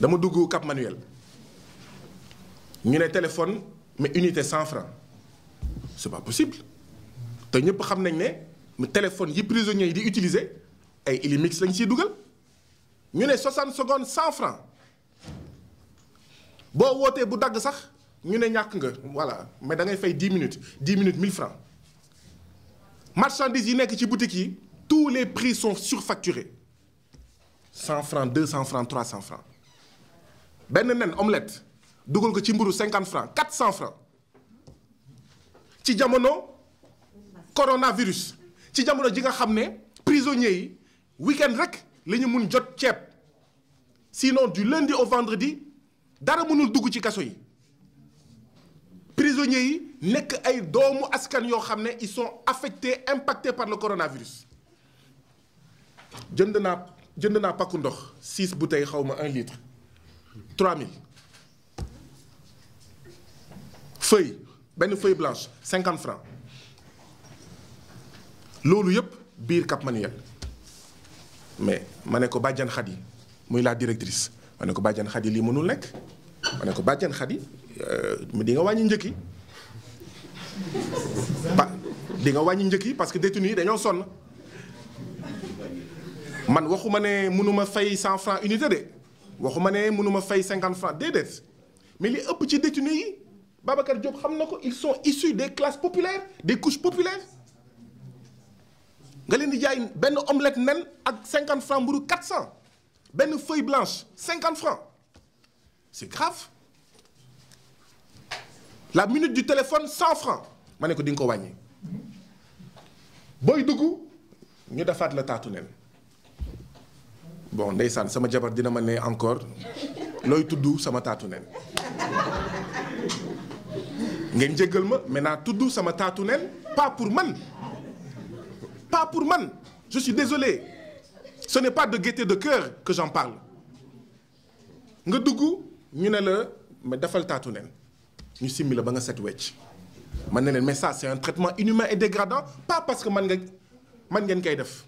dama dugg Cap Manuel ñu un téléphone mais unité 100 francs c'est pas possible te ñëpp xam nañ ne téléphone yi prisonniers utilisé. di utiliser ay Illimix lañ ci dugal ñu 60 secondes 100 francs Si woté bu dag sax ñu né ñak nga voilà mais da ngay fay 10 minutes 10 minutes 1000 francs marchandises yi nekk ci boutique tous les prix sont surfacturés 100 francs 200 francs 300 francs ben nen omelette dugal ko ci 50 francs 400 francs ci jamono coronavirus ci jamono ji nga xamné prisonniers yi week-end rek la ñu jot sinon du lundi au vendredi dara mënul dugg ci kasso yi prisonniers yi nek ay doomu askan yo xamné ils sont affectés impactés par le coronavirus jënd na jënd n'a pakku 6 bouteilles 1 litre. 3000 feuille Une feuille blanche 50 francs Lolu yep, bir Cap Manuel mais je ne ko la directrice Je ne ko ne suis pas mënul nekk Je ne suis Khadi. Khady euh, di nga suis di nga parce que détenus son. man waxuma ne fay 100 francs unité de waxuma ne mënuma fay 50 francs mais les petits détenus, ils sont issus des classes populaires des couches populaires nga y di une omelette de 50 francs ou 400 Une feuille blanche 50 francs c'est grave la minute du téléphone 100 francs mané ko ding ko wañi boy duggu ñu defaat la tatou nen bon ndeysaan sama jabar dina ma né encore Loy tuddou sama tatou nen. ngeen jéggal ma tout tuddou sama tatou nen, pas pour man pas pour man je suis désolé ce n'est pas de gaieté de cœur que j'en parle nga dugg ñu né la mais dafal tatou nen. ñu simmi ba nga set wetch. man ne mais ça c'est un traitement inhumain et dégradant pas parce que man nga man ngeen kay def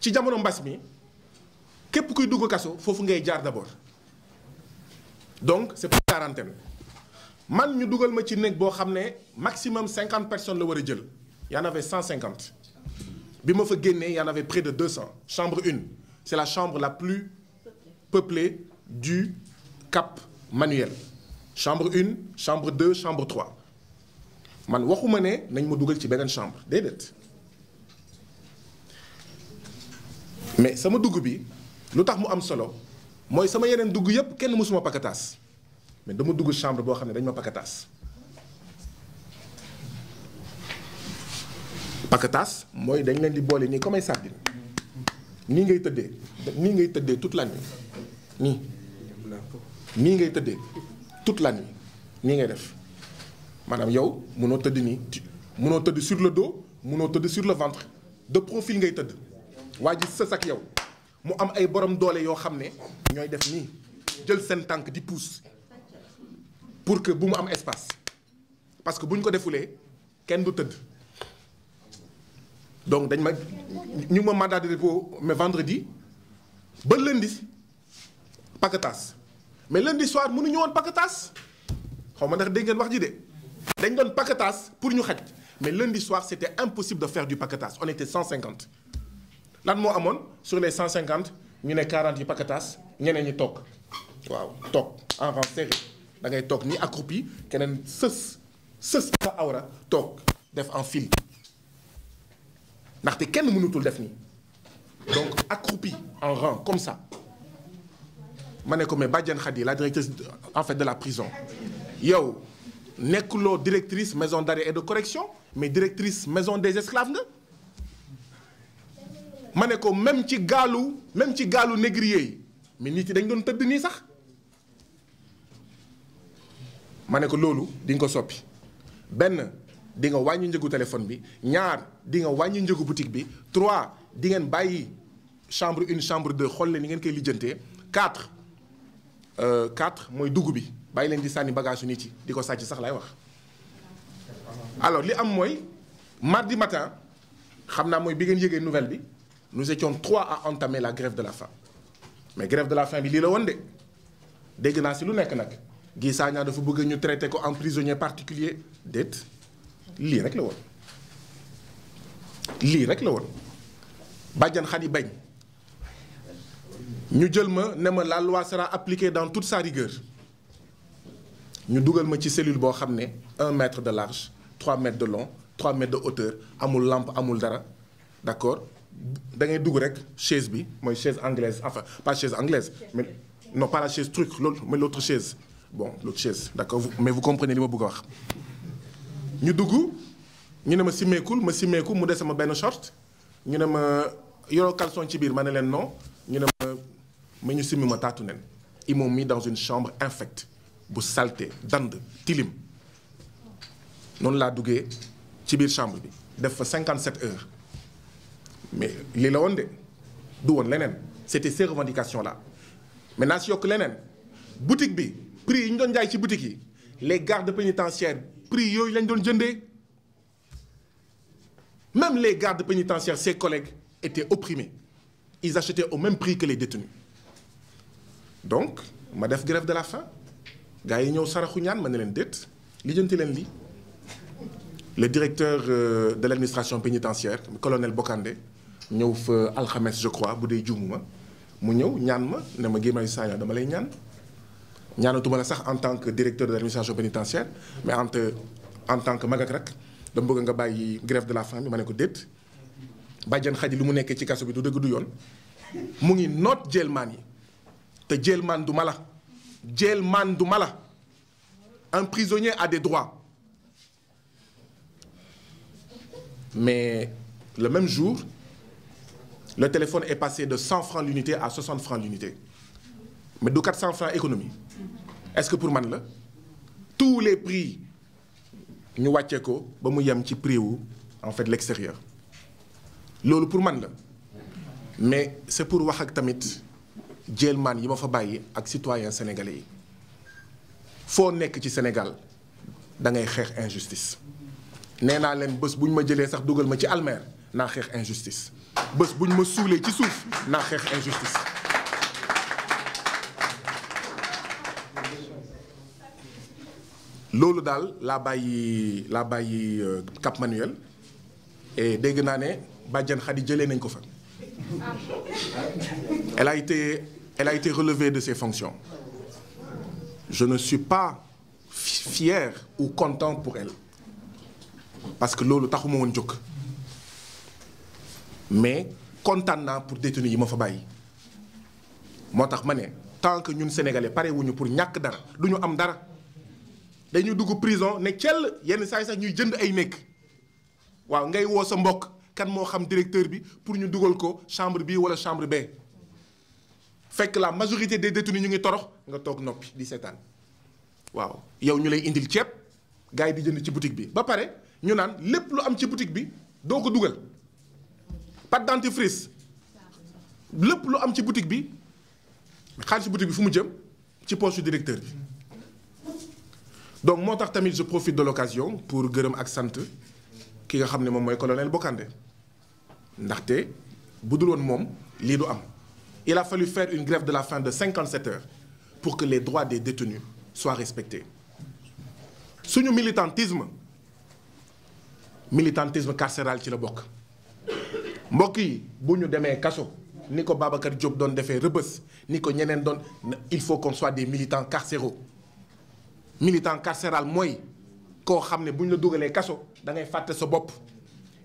ci jamono mbass mi képp kuy dugg kaso il ngay jaar d' donc c'est est pour quarantaine man ñu dugal ma ci neg boo xam maximum 50 personnes la war a Il y en avait 150 bi ma fa il y en avait près de 200 chambre 1, c'est la chambre la plus peuplée du cap manuel chambre 1, chambre 2 chambre 3 je man waxuma ne nañ ma dugal ci beneen chambre mais sama dugg bi lu tax mu am solo mooy sama yeneen dugg kenn pakataas mais dama dugg chambre boo xam ne dañ ma pakataas pakataas mooy dañ leen di boole nii comme ay sardine nii ngay toute la nuit nii ngay toute la nuit ngay def yow sur le dos mënoo tëdd sur le ventre de profil ngay mais c'est ça qui est toi. Il y a des gens qui savent qu'ils font ça. Ils prennent leur tank 10 pouces. Pour que nous ayons j'ai espace. Parce que si on le fait, personne de temps. Donc, ils m'ont un mandat de dépôt, mais vendredi, jusqu'à lundi, pas de tasse. Mais lundi soir, ils ne peuvent pas de tasse. Je ne sais pas si vous avez dit. Ils un pas de tasse pour nous. Mais lundi soir, c'était impossible de faire du paquetage. On était 150 lan nous avons sur les 150 ñu né 40 yi pakatas ñeneen ñi toog waaw tok en rang serré da ngay tok ni accroupi keneen sës sës sa awra tok def en file ndaxte kenn mënutul def ni donc accroupi en rang comme ça Je suis ko mais la directrice en fait de la prison yow lo directrice maison d'arrêt et de correction mais directrice maison des esclaves ma ko même ci Galou, même ci galou négrier yi mais nit dañ doon teud ni sax ma ko di nga soppi ben di nga wañu njëgu téléphone bi ñaar di nga wañu boutique bi trois di ngeen la chambre une chambre deux xol ni ngeen koy quatre euh, quatre moy dugg bi di bagage nit sax alors li am mardi matin xamna moy bi ngeen la nouvelle nous étions trois à entamer la grève de la faim mais grève de la faim il y qu'il y de dégg naa si lu traité en prisonnier particulier d'être lii rek la woon lii rek la avons la loi sera appliquée dans toute sa rigueur Nous dugal ma ci cellule boo mètre de large 3 mètres de long 3 mètres de hauteur amul lampe amul dara d'accord da ngay dugg rek chaise anglaise enfin pas chaise anglaise mais non pas la chaise truc mais l'autre chaise bon l'autre chaise d'accord mais vous comprenez ce ma bëgg Nous ñu ne ma ma short ñu ne caleçon ci non ñu ne ma ñu ils m'ont mis dans une chambre infecte bu salté dand tilim non la ci chambre bi def 57 heures mais les la woon c'était ces revendications là maintenant si dit boutique bi prix ñu boutique les gardes pénitentiaires prix lañ même les gardes pénitentiaires ses collègues étaient opprimés ils achetaient au même prix que les détenus donc ma def grève de la faim gars Sarah saraxu ñaan ma le directeur euh, de l'administration pénitentiaire colonel Bokandé fa Khamez je crois boudé djumuma mu ñëw ñaan ma ne ma dama lay ñaan ñaanatuma la sax en tant que directeur de l'administration pénitentiaire mais en tant que mag ak dama nga grève de la faim mané ko dette badian khadi lu mu nekk ci kasso bi du deug du yoon mu ngi note te du mala du mala un prisonnier a des droits mais le même jour le téléphone est passé de 100 francs l'unité à 60 francs l'unité mais de 400 francs économie est-ce que pour moi, tous les prix nous avons ko ba prix en fait l'extérieur C'est pour moi. mais c'est pour wax que tamit Djelman, yi ma fa bàyyi ak citoyen sénégalais Il faut que ci Sénégal da ngay xeex injustice Je naa leen gens almer injustice je buñ ma suulee ci suuf Je suis injustice loolu Dal, la bàyyi la bàyyi euh, Cap Manuel et dès que ne bàjjan Xadi jëlee fa elle a été elle a été relevée de ses fonctions je ne suis pas fier ou content pour elle parce que loolu taxuma woon jóg mais content pour détenir yi ma fa tant que ñun sénégalais pareil, wuñu pour nous dara du am dara dañu prison ne cell yenn sommes sax ñuy jënd ay ngay sa mbokk directeur bi pour ñu ko chambre wala chambre B. fekk la majorité des détenus ñu ngi torox nga toog noppi di la waaw yow ñu lay indil boutique bi ba pare ñu lu am ci boutique bi ko pas de dentifrice y lu am ci boutique bi xaalis boutique bi fu mu jëm ci du directeur donc moi je profite de l'occasion pour dire un accent qui nga ramené mon colonel Bokandé ndaxte bu am il a fallu faire une grève de la faim de 57 heures pour que les droits des détenus soient respectés suñu militantisme militantisme carcéral ci le bokk Moki, buñu démé kasso niko kaso Babacar Diop doon défé rëbës niko ñenen doon il faut qu'on soit des militants carcéraux militant carcéral moy ko xamné buñu la dugalee kaso da ngay faté sa bop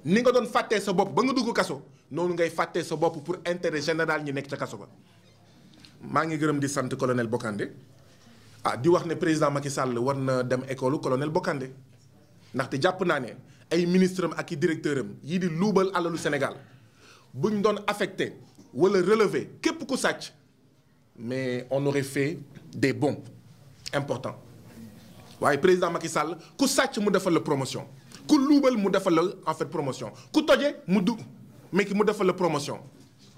ni nga doon faté sa bop ba nga dugg kaso nonu ngay faté sa bop pour intérêt général ñi nek ci kasso ba ma ngi gërëm di sante colonel Bokandé ah di wax ne président Macky Sall war na dem école colonel Bokandé ndaxte japp na ne ay ministre ak i directeur di loubal alalu Sénégal on affecté, ou affecté wala relevé képp ku mais on aurait fait des bons importants le président Macky Sall ku sàcc mu defal la promotion ku luubal mu defal la en fait promotion ku toje mu mais ki mu defal la promotion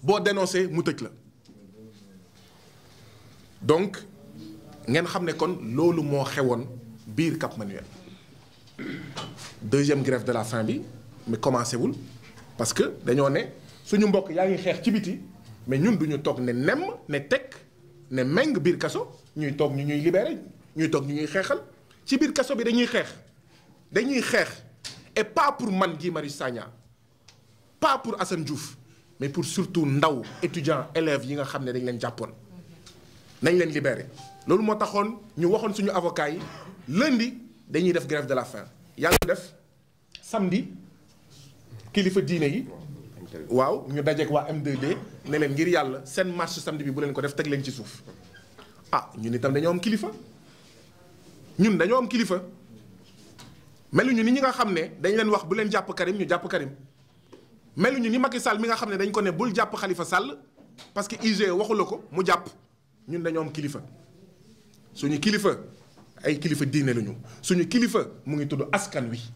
Bon, dénoncé mu tëj la donc ngeen xam ne kon loolu moo Bir Cap Manuel deuxième grève de la fin, mais mais commencez-vous, parce que nous ne suñu mbokk yaa ngi xeex ci biti mais ñun gens toog ne ne teg ne biir kaso ñuy toog ñuy libéré ñuy ñuy ci biir bi et pas pour man Marisanya, pas pour Assane Diouf mais pour surtout ndaw étudiants élèves yi nga xam ne dañ leen nañ leen libéré loolu moo ñu suñu avocats yi lundi dañuy def grève de la faim yàlla def samedi kilifa faut yi waaw ñu ak waa M2D ne leen ngir yàlla seen marche samedi bi bu leen ko def teg leen ci suuf ah ñun itam dañoo am kilifa ñun dañoo am kilifa ñu ni ñi nga xam ne dañ leen wax bu leen jàpp Karim ñu jàpp Karim melu ñu ni Macky Sall mi nga xam ne dañ ko ne bul jàpp Khalifa Sall parce que IG waxu ko mu jàpp ñun dañoo am kilifa suñu kilifa ay kilifa diine lañu suñu kilifa mu ngi tudd askan wi.